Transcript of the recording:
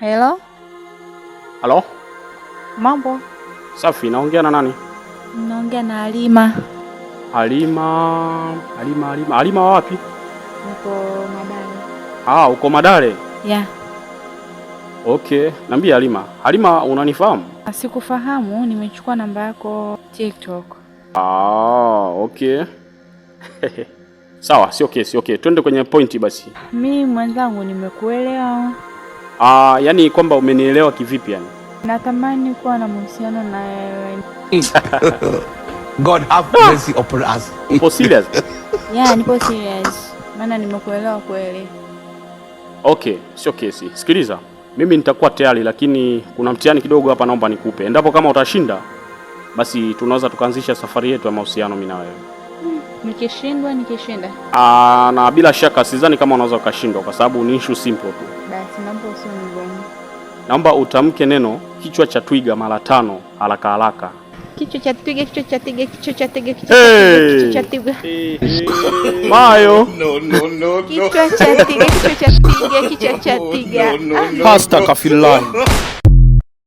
Hello? Halo. Mambo. Safi, naongea na nani? Naongea na Halima. Halima, Halima, Halima. Halima wapi? Uko Madale. Ah, uko Madale? Yeah. Okay, niambie Halima. Halima unanifahamu? Ah, sikufahamu, nimechukua namba yako TikTok. Ah, okay. Sawa, si okay, si okay. Twende kwenye pointi basi. Mimi mwenzangu nimekuelewa. Ah, yani kwamba umenielewa kivipi yani? Natamani kuwa na mahusiano na wewe. God have ah! mercy upon us. Upo serious? Yeah, nipo serious. Maana nimekuelewa kweli. Okay, sio kesi. Sikiliza, mimi nitakuwa tayari lakini kuna mtihani kidogo hapa naomba nikupe. Endapo kama utashinda basi tunaweza tukaanzisha safari yetu ya mahusiano mimi na wewe. nikishindwa nikishinda. Ah, na bila shaka sidhani kama unaweza ukashindwa kwa sababu ni issue simple tu. Naomba utamke neno kichwa cha twiga mara tano haraka haraka. Kichwa cha twiga, kichwa cha twiga, kichwa cha twiga, kichwa cha twiga. Mayo. No, no, no, no. Kichwa cha twiga, kichwa cha twiga, kichwa cha twiga. Pasta kafilani.